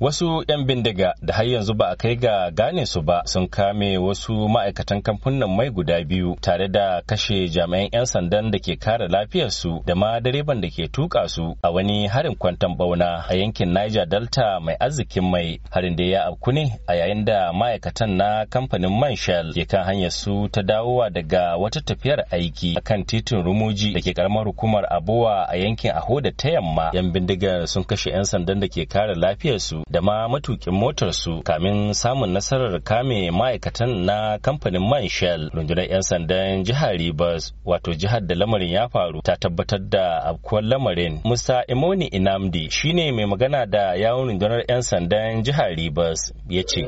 wasu 'yan bindiga da har yanzu ba a kai ga gane su ba sun kame wasu ma'aikatan kamfunan mai guda biyu tare da kashe jami'an 'yan sandan da ke kare su da ma direban da ke tuka su a wani harin kwantan bauna a yankin niger delta mai arzikin mai harin da ya abku ne a yayin da ma'aikatan na kamfanin man shell ke kan hanyar su ta dawowa daga wata tafiyar aiki a kan titin rumuji da ke karamar hukumar abuwa a yankin aho da ta yamma 'yan bindigar sun kashe 'yan sandan da ke kare lafiyarsu da ma matukin motarsu kamin samun nasarar kame ma'aikatan na kamfanin man shell rundunar 'yan sandan jihar Ribas wato jihar da lamarin ya faru ta tabbatar da abkuwar lamarin musa imoni inamdi shine mai magana da yawon rundunar 'yan sandan jihar rivers ya ce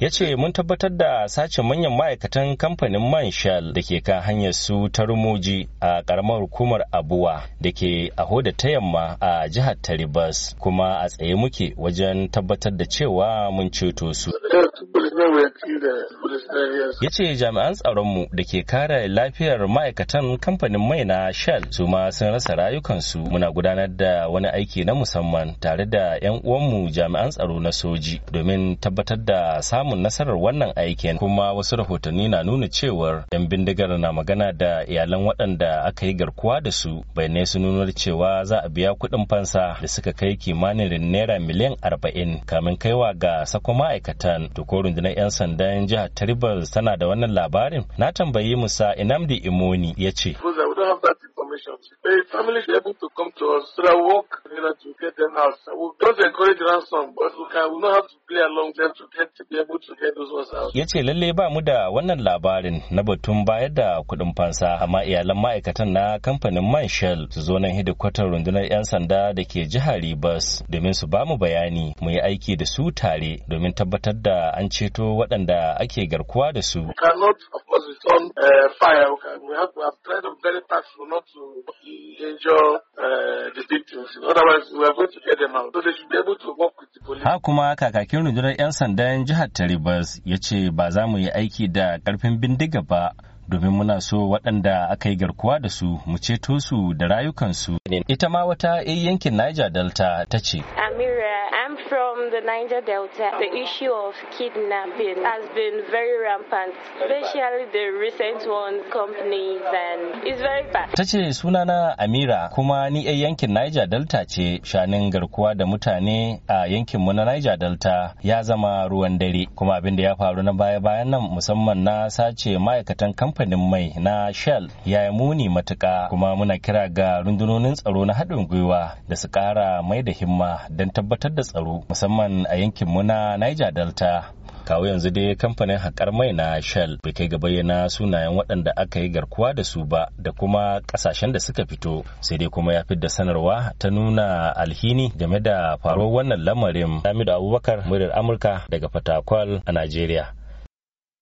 Ya ce mun tabbatar da sace manyan ma'aikatan kamfanin man Shell da ke kan hanyar su ta Rumuji a karamar hukumar Abuwa da ke da ta yamma a jihar Taribas kuma a tsaye muke wajen tabbatar da cewa mun ceto su. Ya ce jami'an tsaronmu da ke kare lafiyar ma'aikatan kamfanin mai na Shell su ma sun rasa rayukansu muna gudanar da wani aiki na musamman tare da 'yan uwanmu jami'an tsaro na soji domin tabbatar da samun nasarar wannan aikin kuma wasu rahotanni na nuna cewar 'yan bindigar na magana da iyalan waɗanda aka yi garkuwa da su ne su nunar cewa za a biya kuɗin fansa da suka kai kimanin naira miliyan arba'in kamin kaiwa ga sako ma'aikatan ko rundunar 'yan sandan jihar taribas tana da wannan labarin na tambayi musa inamdi imoni ya ce information. The family is able to come to us so that we work together to get them out. So we don't encourage ransom, but we can we know how to play along them to get to be able to get those ones out. Ya ce lalle ba mu da wannan labarin na batun bayar da kuɗin fansa amma iyalan ma'aikatan na kamfanin man Shell su zo nan hidikwatar rundunar 'yan sanda da ke jihar Rivers domin su ba mu bayani mu yi aiki da su tare domin tabbatar da an ceto waɗanda ake garkuwa da su. We cannot, of course, return uh, fire. We, can, we have to have tried very tactful not to to injure uh, the victims. Otherwise, we are going to get them out. So they should be able to work with the police. Ha kuma kakakin rundunar 'yan sandan jihar Taribas ya ce ba za mu yi aiki da karfin bindiga ba domin muna so waɗanda aka yi garkuwa da su mu ceto su da rayukansu. ne. Ita ma wata 'yan yankin Niger Delta ta ce. Amira, I'm from the Niger Delta. The issue of kidnapping has been very rampant, especially the recent ones, companies and it's very bad. Ta ce sunana Amira kuma ni 'yan yankin Niger Delta ce shanin garkuwa da mutane a yankinmu na Niger Delta ya zama ruwan dare kuma abin da ya faru na baya-bayan nan musamman na sace ma'aikatan kamfanin mai na Shell ya yi muni matuka kuma muna kira ga rundunonin tsaro na haɗin gwiwa da su ƙara mai da himma don tabbatar da tsaro musamman a yankinmu na niger delta kawo yanzu dai kamfanin haƙar mai na shell bai kai ga bayyana sunayen waɗanda aka yi garkuwa da su ba da kuma ƙasashen da suka fito sai dai kuma ya da sanarwa ta nuna alhini game da faruwar wannan lamarin lamido abubakar muryar amurka daga fatakwal a najeriya